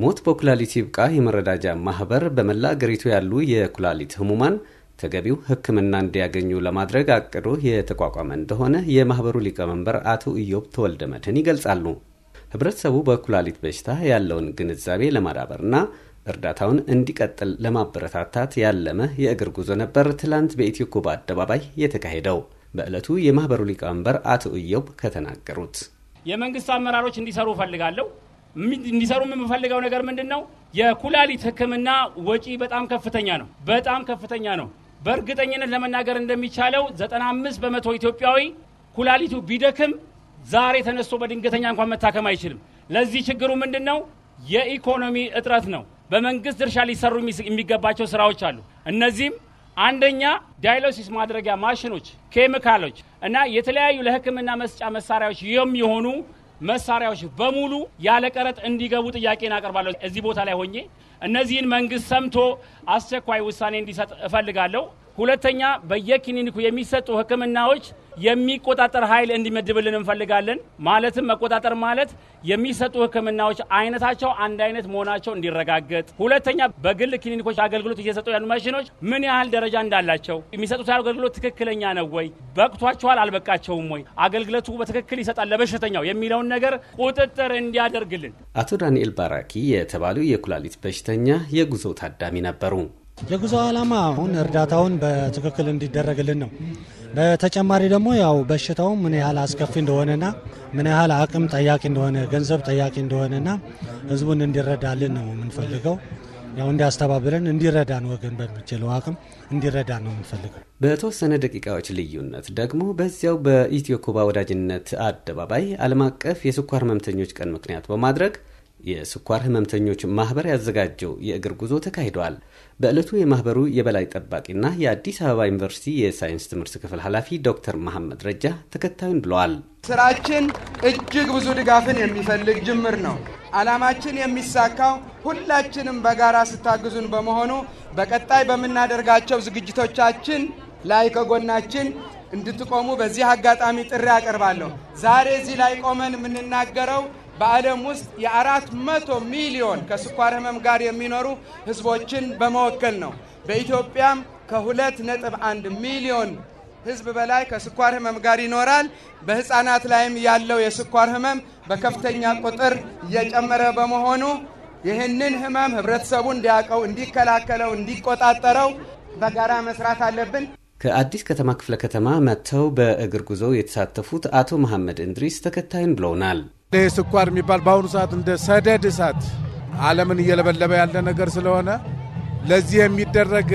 ሞት በኩላሊት ይብቃ የመረዳጃ ማህበር በመላ አገሪቱ ያሉ የኩላሊት ህሙማን ተገቢው ሕክምና እንዲያገኙ ለማድረግ አቅዶ የተቋቋመ እንደሆነ የማህበሩ ሊቀመንበር አቶ ኢዮብ ተወልደ መድህን ይገልጻሉ። ህብረተሰቡ በኩላሊት በሽታ ያለውን ግንዛቤ ለማዳበርና እርዳታውን እንዲቀጥል ለማበረታታት ያለመ የእግር ጉዞ ነበር ትላንት በኢትዮኮባ አደባባይ የተካሄደው። በዕለቱ የማህበሩ ሊቀመንበር አቶ ኢዮብ ከተናገሩት የመንግስት አመራሮች እንዲሰሩ እፈልጋለሁ እንዲሰሩ የምፈልገው ነገር ምንድን ነው? የኩላሊት ሕክምና ወጪ በጣም ከፍተኛ ነው። በጣም ከፍተኛ ነው። በእርግጠኝነት ለመናገር እንደሚቻለው 95 በመቶ ኢትዮጵያዊ ኩላሊቱ ቢደክም ዛሬ ተነስቶ በድንገተኛ እንኳን መታከም አይችልም። ለዚህ ችግሩ ምንድን ነው? የኢኮኖሚ እጥረት ነው። በመንግስት ድርሻ ሊሰሩ የሚገባቸው ስራዎች አሉ። እነዚህም አንደኛ ዳይሎሲስ ማድረጊያ ማሽኖች፣ ኬሚካሎች እና የተለያዩ ለህክምና መስጫ መሳሪያዎች የሚሆኑ መሳሪያዎች በሙሉ ያለ ቀረጥ እንዲገቡ ጥያቄን አቀርባለሁ። እዚህ ቦታ ላይ ሆኜ እነዚህን መንግስት ሰምቶ አስቸኳይ ውሳኔ እንዲሰጥ እፈልጋለሁ። ሁለተኛ በየክሊኒኩ የሚሰጡ ህክምናዎች የሚቆጣጠር ኃይል እንዲመድብልን እንፈልጋለን። ማለትም መቆጣጠር ማለት የሚሰጡ ህክምናዎች አይነታቸው አንድ አይነት መሆናቸው እንዲረጋገጥ፣ ሁለተኛ በግል ክሊኒኮች አገልግሎት እየሰጡ ያሉ ማሽኖች ምን ያህል ደረጃ እንዳላቸው፣ የሚሰጡት አገልግሎት ትክክለኛ ነው ወይ፣ በቅቷቸዋል፣ አልበቃቸውም ወይ፣ አገልግሎቱ በትክክል ይሰጣል ለበሽተኛው የሚለውን ነገር ቁጥጥር እንዲያደርግልን። አቶ ዳንኤል ባራኪ የተባሉ የኩላሊት በሽተኛ የጉዞ ታዳሚ ነበሩ። የጉዞ ዓላማ አሁን እርዳታውን በትክክል እንዲደረግልን ነው። በተጨማሪ ደግሞ ያው በሽታው ምን ያህል አስከፊ እንደሆነና ምን ያህል አቅም ጠያቂ እንደሆነ ገንዘብ ጠያቂ እንደሆነና ህዝቡን እንዲረዳልን ነው የምንፈልገው። ያው እንዲያስተባብረን እንዲረዳን ወገን በሚችለው አቅም እንዲረዳ ነው የምንፈልገው። በተወሰነ ደቂቃዎች ልዩነት ደግሞ በዚያው በኢትዮ ኩባ ወዳጅነት አደባባይ ዓለም አቀፍ የስኳር ህመምተኞች ቀን ምክንያት በማድረግ የስኳር ህመምተኞች ማህበር ያዘጋጀው የእግር ጉዞ ተካሂደዋል። በዕለቱ የማህበሩ የበላይ ጠባቂና የአዲስ አበባ ዩኒቨርሲቲ የሳይንስ ትምህርት ክፍል ኃላፊ ዶክተር መሐመድ ረጃ ተከታዩን ብለዋል። ስራችን እጅግ ብዙ ድጋፍን የሚፈልግ ጅምር ነው። አላማችን የሚሳካው ሁላችንም በጋራ ስታግዙን በመሆኑ በቀጣይ በምናደርጋቸው ዝግጅቶቻችን ላይ ከጎናችን እንድትቆሙ በዚህ አጋጣሚ ጥሪ አቀርባለሁ። ዛሬ እዚህ ላይ ቆመን የምንናገረው በዓለም ውስጥ የአራት መቶ ሚሊዮን ከስኳር ህመም ጋር የሚኖሩ ህዝቦችን በመወከል ነው። በኢትዮጵያም ከሁለት ነጥብ አንድ ሚሊዮን ህዝብ በላይ ከስኳር ህመም ጋር ይኖራል። በህፃናት ላይም ያለው የስኳር ህመም በከፍተኛ ቁጥር እየጨመረ በመሆኑ ይህንን ህመም ህብረተሰቡ እንዲያውቀው፣ እንዲከላከለው፣ እንዲቆጣጠረው በጋራ መስራት አለብን። ከአዲስ ከተማ ክፍለ ከተማ መጥተው በእግር ጉዞ የተሳተፉት አቶ መሐመድ እንድሪስ ተከታዩን ብለውናል። ይህ ስኳር የሚባል በአሁኑ ሰዓት እንደ ሰደድ እሳት ዓለምን እየለበለበ ያለ ነገር ስለሆነ ለዚህ የሚደረግ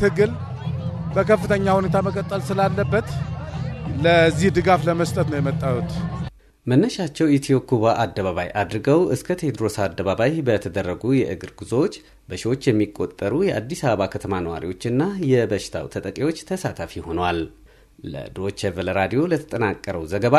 ትግል በከፍተኛ ሁኔታ መቀጠል ስላለበት ለዚህ ድጋፍ ለመስጠት ነው የመጣሁት። መነሻቸው ኢትዮ ኩባ አደባባይ አድርገው እስከ ቴዎድሮስ አደባባይ በተደረጉ የእግር ጉዞዎች በሺዎች የሚቆጠሩ የአዲስ አበባ ከተማ ነዋሪዎችና የበሽታው ተጠቂዎች ተሳታፊ ሆነዋል። ለዶቼ ቨለ ራዲዮ ለተጠናቀረው ዘገባ